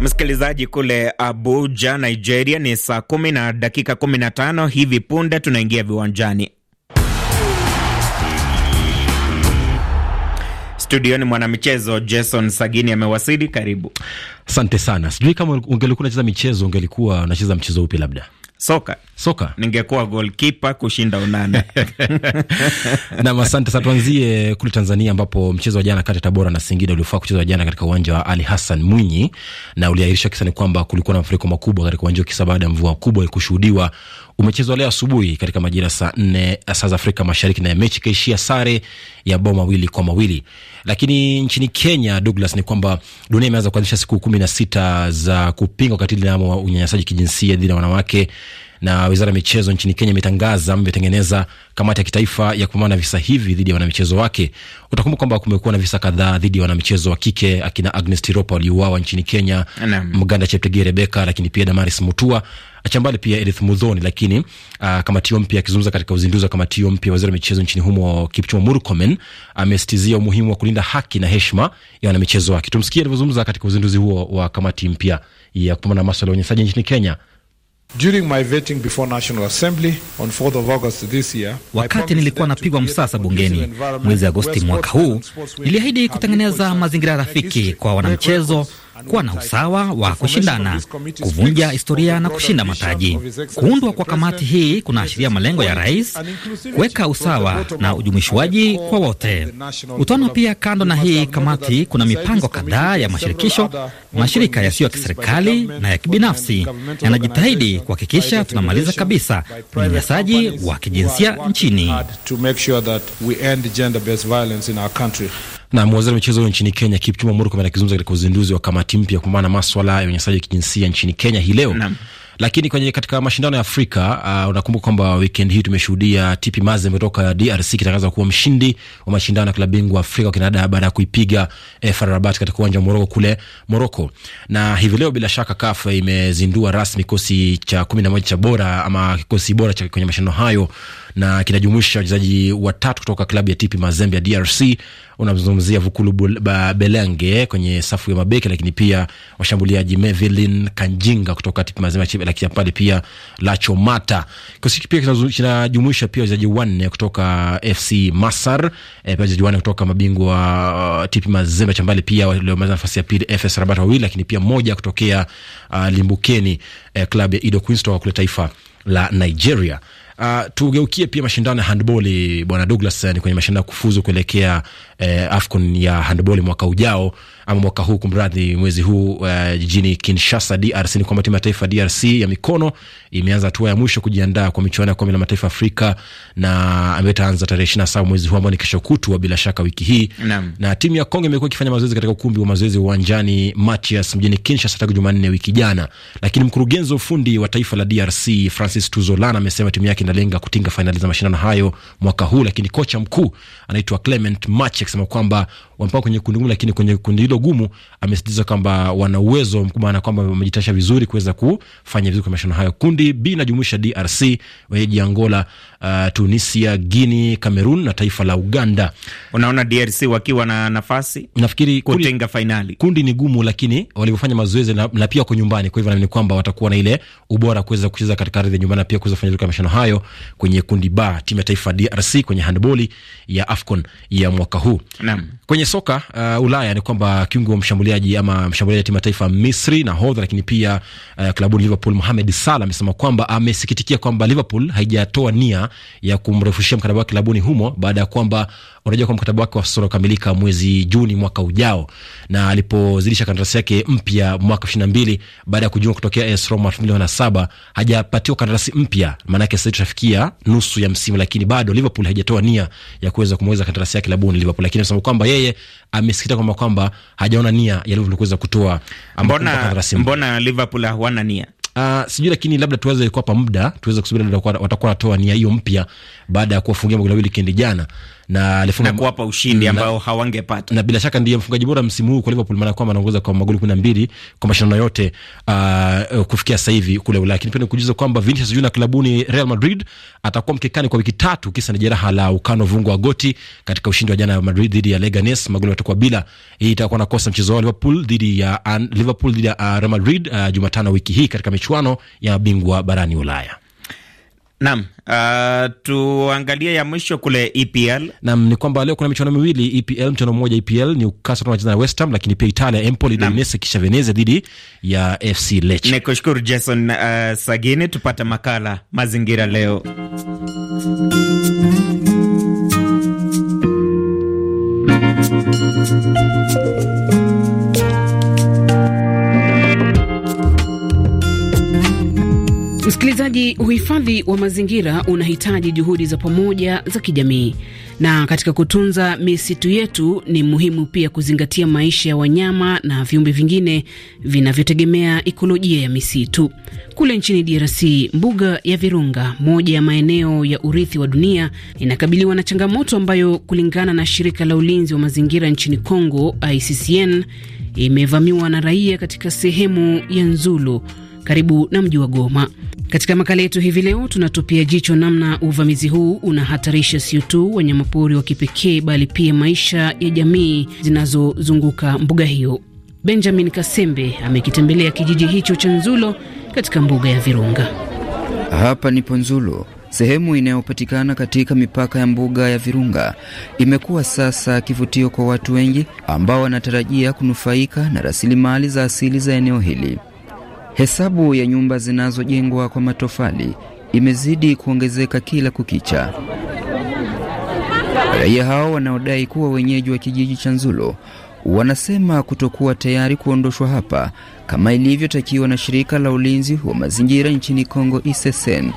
Msikilizaji kule Abuja, Nigeria ni saa kumi na dakika kumi na tano. Hivi punde tunaingia viwanjani. Studioni mwanamichezo Jason Sagini amewasili. Karibu. Asante sana. Sijui kama ungelikuwa unacheza michezo, ungelikuwa unacheza mchezo upi labda? soka soka ningekuwa golkipa kushinda unane nam. Asante sana. Tuanzie kule Tanzania ambapo mchezo wa jana kati ya Tabora na Singida uliofaa kuchezwa jana katika uwanja wa Ali Hassan Mwinyi na uliahirishwa, kisa ni kwamba kulikuwa na mafuriko makubwa katika uwanja kisa baada ya mvua kubwa kushuhudiwa. Umechezwa leo asubuhi katika majira saa nne saa za Afrika Mashariki, na mechi ikaishia sare ya bao mawili kwa mawili. Lakini nchini Kenya, Douglas, ni kwamba dunia imeanza kuanzisha siku kumi na sita za kupinga ukatili na unyanyasaji kijinsia dhidi ya wanawake na wizara ya michezo nchini Kenya imetangaza imetengeneza kamati ya kitaifa ya kupambana na visa hivi dhidi ya wanamichezo wake. Utakumbuka kwamba kumekuwa na visa kadhaa dhidi ya wanamichezo wa kike, akina Agnes Tiropa waliuawa nchini Kenya, Mganda Cheptegei Rebeka, lakini pia Damaris Mutua achambali pia Edith Mudhoni. Lakini uh, kamati hiyo mpya, akizungumza katika uzinduzi wa kamati hiyo mpya, waziri wa michezo nchini humo Kipchumba Murkomen amesitizia umuhimu wa kulinda haki na heshima ya wanamichezo wake. Tumsikie alivyozungumza katika uzinduzi huo wa kamati mpya ya kupambana na maswala ya unyanyasaji nchini Kenya. During my vetting before National Assembly on 4th of August this year, wakati nilikuwa napigwa msasa bungeni mwezi Agosti mwaka huu, niliahidi kutengeneza mazingira rafiki kwa wanamchezo kuwa na usawa wa kushindana, kuvunja historia na kushinda mataji. Kuundwa kwa kamati hii kunaashiria malengo ya rais kuweka usawa na ujumuishwaji kwa wote. Utaona pia kando na hii kamati kuna mipango kadhaa ya mashirikisho, mashirika yasiyo ya kiserikali na ya kibinafsi yanajitahidi kuhakikisha tunamaliza kabisa unyanyasaji wa kijinsia nchini. Na waziri wa michezo nchini Kenya Kipchumba Murkomen akizungumza katika uzinduzi wa kamati mpya kupambana na maswala ya unyanyasaji wa kijinsia nchini Kenya hii leo lakini kwenye katika mashindano ya Afrika uh, unakumbuka kwamba wikendi hii tumeshuhudia TP Mazembe kutoka DRC ikitangaza kuwa mshindi wa mashindano ya klabu bingwa Afrika wa baada ya kuipiga eh, FAR Rabat katika uwanja wa Moroko kule Moroko. Na hivi leo bila shaka CAF imezindua rasmi kikosi cha kumi na moja cha bora ama kikosi bora cha kwenye mashindano hayo na kinajumuisha wachezaji watatu kutoka klabu ya TP Mazembe ya DRC. Unamzungumzia Vukulu Belenge kwenye safu ya mabeki, lakini pia washambuliaji Mevelin Kanjinga kutoka TP Mazembe, lakini pale pia Lacho Mata. Kikosi pia kinajumuisha pia wachezaji wanne kutoka FC Masar, e, pia wachezaji wanne kutoka mabingwa wa uh, TP Mazembe chambali, pia waliomaliza nafasi ya pili FS Rabat wawili, lakini pia moja kutokea uh, Limbukeni, eh, klabu ya Ido Queens kutoka kule taifa la Nigeria. Uh, tugeukie pia mashindano ya handball bwana Douglas, eh, ni kwenye mashindano ya kufuzu kuelekea eh, AFCON ya handball mwaka ujao ama mwaka huu kumradhi, mwezi huu uh, jijini Kinshasa DRC ni kwamba timu ya taifa DRC ya mikono imeanza hatua ya mwisho kujiandaa kwa michuano ya kombe la mataifa Afrika na ambayo itaanza tarehe ishirini na saba mwezi huu ambao ni kesho kutwa bila shaka wiki hii na, na timu ya Kongo imekuwa ikifanya mazoezi katika ukumbi wa mazoezi wa uwanjani Matias mjini Kinshasa tangu Jumanne wiki jana, lakini mkurugenzi wa ufundi wa taifa la DRC Francis Tuzolan amesema timu yake inalenga kutinga fainali za mashindano hayo mwaka huu, lakini kocha mkuu anaitwa Clement Mach akisema kwamba wamepanga kwenye kundi gumu, lakini kwenye kundi hilo gumu amesitiza kwamba wana uwezo mkubwa na kwamba wamejitasha vizuri kuweza kufanya vizuri kwa mashindano hayo. Kundi B inajumuisha DRC, wenyeji Angola, uh, Tunisia, Guinea, Cameroon na taifa la Uganda. Unaona DRC wakiwa na nafasi nafikiri kutenga fainali. Kundi ni gumu, lakini walivyofanya mazoezi na, na pia kwa nyumbani, kwa hivyo naamini kwamba watakuwa na ile ubora kuweza kucheza katika ardhi ya nyumbani na pia kuweza kufanya vizuri mashindano hayo kwenye kundi ba timu ya taifa DRC kwenye handboli ya AFCON ya mwaka huu. Naam. Kwenye soka uh, Ulaya ni kwamba kiungo mshambuliaji ama mshambuliaji timu ya taifa Misri na hodha, lakini pia uh, klabu Liverpool Mohamed Salah amesema kwamba amesikitikia kwamba Liverpool haijatoa nia ya kumrefushia mkataba wake labuni humo baada ya kwamba unajua kwa mkataba wake wa sasa unakamilika mwezi Juni mwaka ujao, na alipozidisha kandarasi yake mpya mwaka ishirini na mbili baada ya kujiunga kutokea AS Roma elfu mbili na saba hajapatiwa kandarasi mpya. Maanake sasa tutafikia nusu ya msimu, lakini bado Liverpool haijatoa nia ya kuweza kumweza kandarasi yake labuni Liverpool, lakini anasema kwamba yeye amesikitika kwamba kwamba hajaona nia ya Liverpool kuweza kutoa. Mbona, mbona Liverpool hawana nia? Uh, sijui lakini labda tuweze kuwapa muda tuweze kusubiri watakuwa natoa nia hiyo mpya baada ya kuwafungia magoli mawili kendi jana na alifunga kuwapa ushindi ambao hawangepata, na bila shaka ndiye mfungaji bora msimu huu kwa Liverpool, maana kwamba anaongoza kwa magoli 12 kwa mashindano yote uh, kufikia sasa hivi kule Ulaya. Lakini pia nikujuza kwamba Vinicius Junior klabuni Real Madrid atakuwa mkekani kwa wiki tatu, kisa ni jeraha la ukano vungu wa goti katika ushindi wa jana wa Madrid dhidi ya Leganes, magoli yatakuwa bila. Hii itakuwa na kosa mchezo wa Liverpool dhidi ya Liverpool dhidi ya ah, Real Madrid uh, Jumatano wiki hii katika michuano ya bingwa barani Ulaya. Nam uh, ah, tuangalie ya mwisho kule EPL. Nam ni kwamba leo kuna michuano miwili EPL. Mchuano mmoja EPL Newcastle wanacheza na West Ham, lakini pia Italia Empoli na Udinese kisha Venezia dhidi ya FC Lecce. kushukuru Jason uh, Sagini. Tupate makala mazingira leo Msikilizaji, uhifadhi wa mazingira unahitaji juhudi za pamoja za kijamii, na katika kutunza misitu yetu ni muhimu pia kuzingatia maisha ya wanyama na viumbe vingine vinavyotegemea ikolojia ya misitu. Kule nchini DRC, mbuga ya Virunga, moja ya maeneo ya urithi wa dunia, inakabiliwa na changamoto ambayo, kulingana na shirika la ulinzi wa mazingira nchini Congo, ICCN, imevamiwa na raia katika sehemu ya Nzulu karibu na mji wa Goma. Katika makala yetu hivi leo tunatupia jicho namna uvamizi huu unahatarisha sio tu wanyamapori wa kipekee, bali pia maisha ya jamii zinazozunguka mbuga hiyo. Benjamin Kasembe amekitembelea kijiji hicho cha Nzulo katika mbuga ya Virunga. Hapa nipo Nzulo, sehemu inayopatikana katika mipaka ya mbuga ya Virunga imekuwa sasa kivutio kwa watu wengi ambao wanatarajia kunufaika na rasilimali za asili za eneo hili. Hesabu ya nyumba zinazojengwa kwa matofali imezidi kuongezeka kila kukicha. Raia hao wanaodai kuwa wenyeji wa kijiji cha Nzulo wanasema kutokuwa tayari kuondoshwa hapa kama ilivyotakiwa na shirika la ulinzi wa mazingira nchini Kongo ISSN.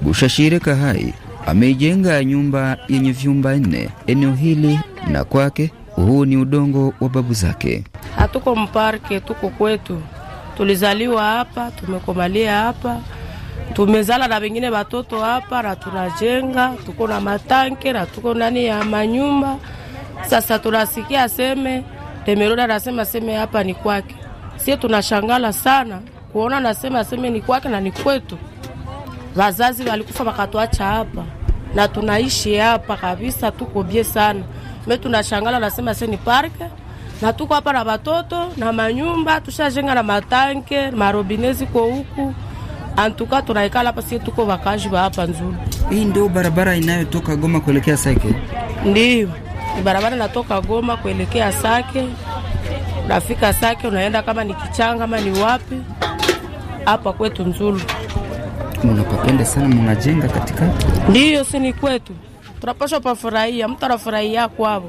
Bushashire Kahai ameijenga nyumba yenye vyumba nne eneo hili, na kwake huu ni udongo wa babu zake. Hatuko mparke, tuko kwetu tulizaliwa hapa, tumekomalia hapa, tumezala na wengine watoto hapa, na tunajenga, tuko na matanke na tuko ndani ya manyumba. Sasa tunasikia seme Temeroda anasema seme hapa ni kwake, sie tunashangala sana kuona nasema seme ni kwake na ni kwetu. Wazazi walikufa wakatuacha hapa na tunaishi hapa kabisa, tuko bie sana me tunashangala nasema se ni parke na tuko hapa na watoto na manyumba tushajenga na matanke marobinezi kwa huku antuka tunaikala hapa sisi tuko wakaji wa hapa nzuri. Hii ndio barabara inayotoka Goma kuelekea Sake. Ndio. Ni barabara inatoka Goma kuelekea Sake. Unafika Sake unaenda kama ni Kichanga ama ni wapi? Hapa kwetu nzuri. Mnapapenda sana mnajenga katika? Ndio, si ni kwetu. Tunapaswa pafurahia, mtu anafurahia kwao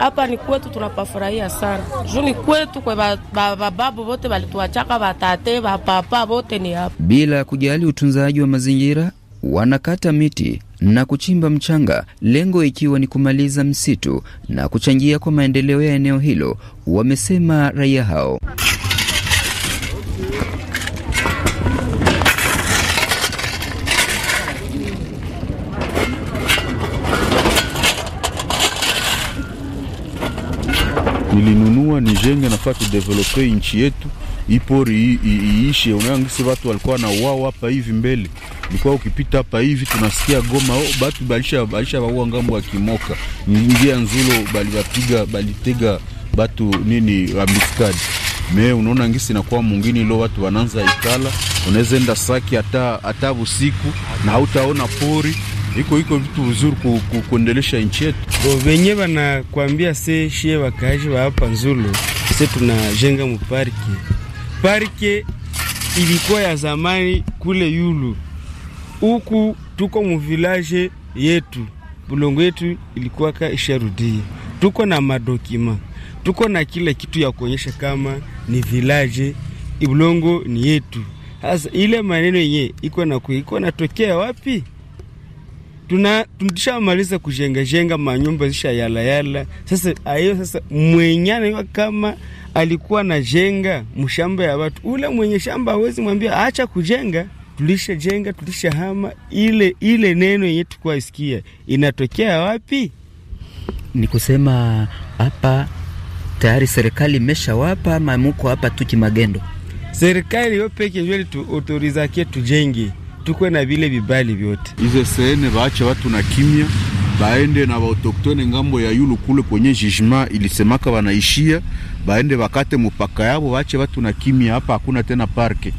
hapa ni kwetu, tunapafurahia sana juu ni kwetu kwa bababu ba, ba, bote balituachaka batate bapapa wote ni hapa. Bila kujali utunzaji wa mazingira, wanakata miti na kuchimba mchanga, lengo ikiwa ni kumaliza msitu na kuchangia kwa maendeleo ya eneo hilo, wamesema raia hao. nilinunua nijenge nafaa tudevelope nchi yetu ipori iishe. Unaangisi watu walikuwa na wao hapa hivi mbele, ilikuwa ukipita hapa hivi tunasikia Goma oh, batu balisha balisha waua ngambo wa kimoka njia nzulo balibapiga balitega batu nini wamiskadi me unaona ngisi nakuwa mungini ilo watu wananza ikala, unaweza enda Saki hata hata usiku na hautaona pori iko iko vitu vizuri ku, ku, kuendelesha nchi yetu. Venye wanakwambia se shie wakaaji wa hapa Nzulu, se tunajenga muparke parke ilikuwa ya zamani kule yulu huku, tuko muvilaje yetu bulongo yetu ilikuwa ka isharudia, tuko na madokima tuko na kila kitu ya kuonyesha kama ni vilaje ibulongo ni yetu. hasa ile maneno yenyewe iko na natokea wapi? tuna tushamaliza kujengajenga manyumba zisha yala yala. Sasa ayo sasa mwenyana kama alikuwa jenga mshamba ya watu, ule mwenye shamba hawezi mwambia acha kujenga. Tulisha jenga, tulisha hama. Ile ile neno yenye tulikuwa isikia inatokea wapi? Ni kusema hapa tayari serikali imeshawapa mamuko hapa tu kimagendo? Serikali yo peke ndio tu tujenge tukwe na vile vibali vyote. Hizo sehene vaache watu na kimya, baende na waautoktone ngambo ya yulu kule kwenye jijima ilisemaka wanaishia, baende wakate mupaka yabo, vaache watu na kimya. Hapa hakuna tena parke,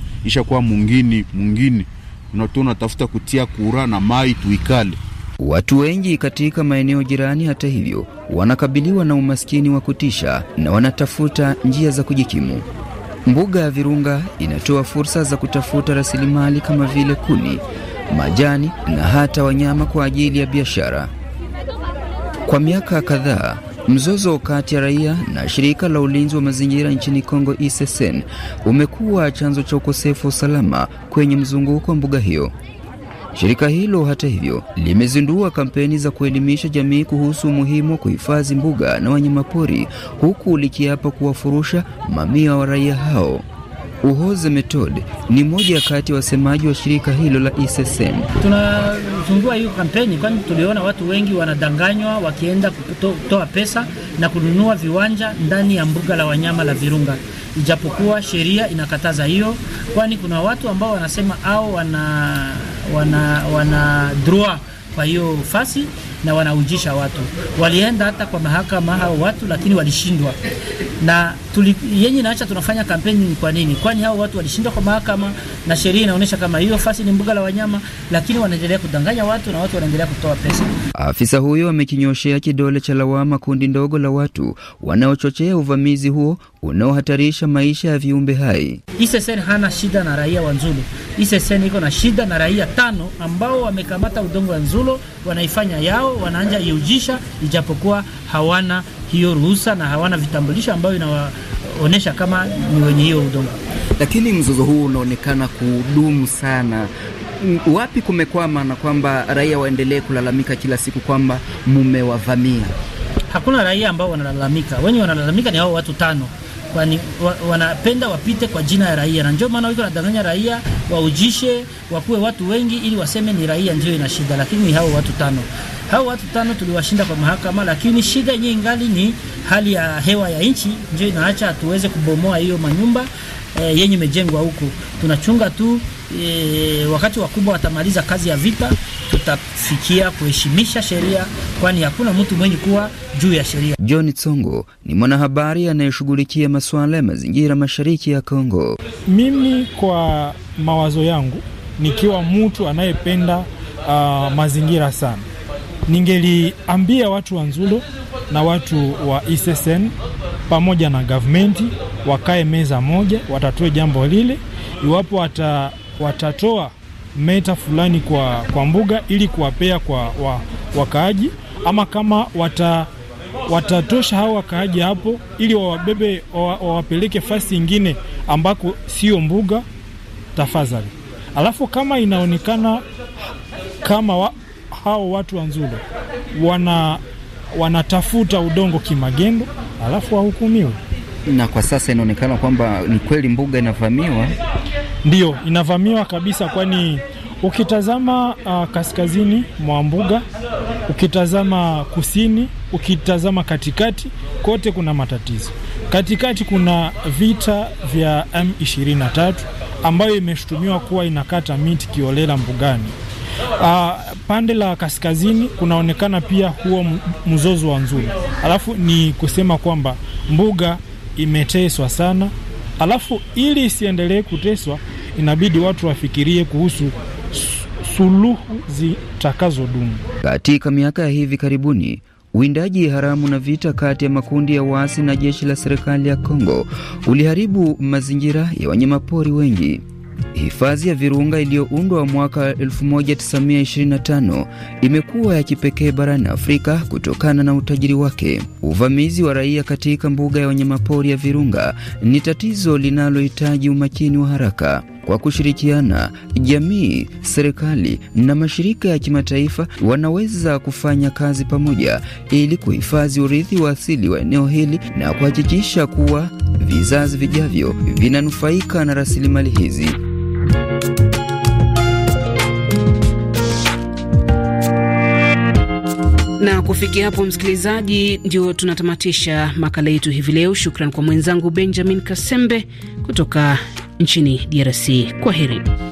kuwa mungini mungini, unatuna tafuta kutia kura na mai tuikale Watu wengi katika maeneo jirani, hata hivyo, wanakabiliwa na umaskini wa kutisha na wanatafuta njia za kujikimu. Mbuga ya Virunga inatoa fursa za kutafuta rasilimali kama vile kuni, majani na hata wanyama kwa ajili ya biashara. Kwa miaka kadhaa, mzozo kati ya raia na shirika la ulinzi wa mazingira nchini Kongo ICCN umekuwa chanzo cha ukosefu wa usalama kwenye mzunguko wa mbuga hiyo. Shirika hilo hata hivyo limezindua kampeni za kuelimisha jamii kuhusu umuhimu wa kuhifadhi mbuga na wanyamapori huku likiapa kuwafurusha mamia wa raia hao. Uhoze Method ni mmoja kati ya wasemaji wa shirika hilo la ISSN. E e Tunazungua hiyo kampeni, kwani tuliona watu wengi wanadanganywa wakienda kutoa pesa na kununua viwanja ndani ya mbuga la wanyama la Virunga, ijapokuwa sheria inakataza hiyo, kwani kuna watu ambao wanasema au wana wana, wana droit kwa hiyo fasi na wanaujisha watu. Walienda hata kwa mahakama hao watu, lakini walishindwa na tuli, yenye naacha tunafanya kampeni ni kwa nini? Kwani hao watu walishindwa kwa mahakama na sheria inaonyesha kama hiyo fasi ni mbuga la wanyama, lakini wanaendelea kudanganya watu na watu wanaendelea kutoa pesa. Afisa huyo amekinyoshea kidole cha lawama kundi ndogo la watu wanaochochea uvamizi huo unaohatarisha maisha ya viumbe hai. ISSN hana shida na raia wa Nzulo. ISSN iko na shida na raia tano ambao wamekamata udongo wa Nzulo, wanaifanya yao, wanaanja iujisha, ijapokuwa hawana hiyo ruhusa na hawana vitambulisho ambayo inawaonyesha kama ni wenye hiyo udongo. Lakini mzozo huu unaonekana kudumu sana. Wapi kumekwama na kwamba raia waendelee kulalamika kila siku kwamba mumewavamia? Hakuna raia ambao wanalalamika, wenye wanalalamika ni hao watu tano kwani wa, wanapenda wapite kwa jina ya raia, na ndio maana wiko nadanganya raia waujishe, wakuwe watu wengi ili waseme ni raia ndio ina shida, lakini ni hao watu tano hao watu tano tuliwashinda kwa mahakama, lakini shida yenyewe ingali ni hali ya hewa ya nchi, ndio inaacha hatuweze kubomoa hiyo manyumba e, yenye imejengwa huko. Tunachunga tu e, wakati wakubwa watamaliza kazi ya vita tutafikia kuheshimisha sheria, kwani hakuna mtu mwenye kuwa juu ya sheria. John Tsongo ni mwanahabari anayeshughulikia masuala ya mazingira mashariki ya Kongo. Mimi kwa mawazo yangu, nikiwa mtu anayependa uh, mazingira sana, ningeliambia watu wa Nzulo na watu wa ssn pamoja na gavumenti wakae meza moja, watatue jambo lile. Iwapo wata, watatoa meta fulani kwa, kwa mbuga ili kuwapea kwa wa, wakaaji ama kama wata watatosha hao wakaaji hapo ili wawabebe wawapeleke fasi ingine ambako sio mbuga, tafadhali. Alafu kama inaonekana kama wa, hao watu wa Nzulo wana wanatafuta udongo kimagendo, alafu wahukumiwe. Na kwa sasa inaonekana kwamba ni kweli mbuga inavamiwa ndio inavamiwa kabisa, kwani ukitazama uh, kaskazini mwa mbuga, ukitazama kusini, ukitazama katikati, kote kuna matatizo. Katikati kuna vita vya M23 ambayo imeshutumiwa kuwa inakata miti kiolela mbugani. Uh, pande la kaskazini kunaonekana pia huo mzozo wa nzuri Alafu ni kusema kwamba mbuga imeteswa sana, alafu ili isiendelee kuteswa inabidi watu wafikirie kuhusu suluhu zitakazodumu. Katika miaka ya hivi karibuni, uwindaji haramu na vita kati ya makundi ya waasi na jeshi la serikali ya Kongo uliharibu mazingira ya wanyamapori wengi. Hifadhi ya Virunga iliyoundwa mwaka 1925 imekuwa ya kipekee barani Afrika kutokana na utajiri wake. Uvamizi wa raia katika mbuga ya wanyamapori ya Virunga ni tatizo linalohitaji umakini wa haraka. Kwa kushirikiana, jamii, serikali na mashirika ya kimataifa wanaweza kufanya kazi pamoja ili kuhifadhi urithi wa asili wa eneo hili na kuhakikisha kuwa vizazi vijavyo vinanufaika na rasilimali hizi. Na kufikia hapo, msikilizaji, ndio tunatamatisha makala yetu hivi leo. Shukran kwa mwenzangu Benjamin Kasembe kutoka nchini DRC. Kwa heri.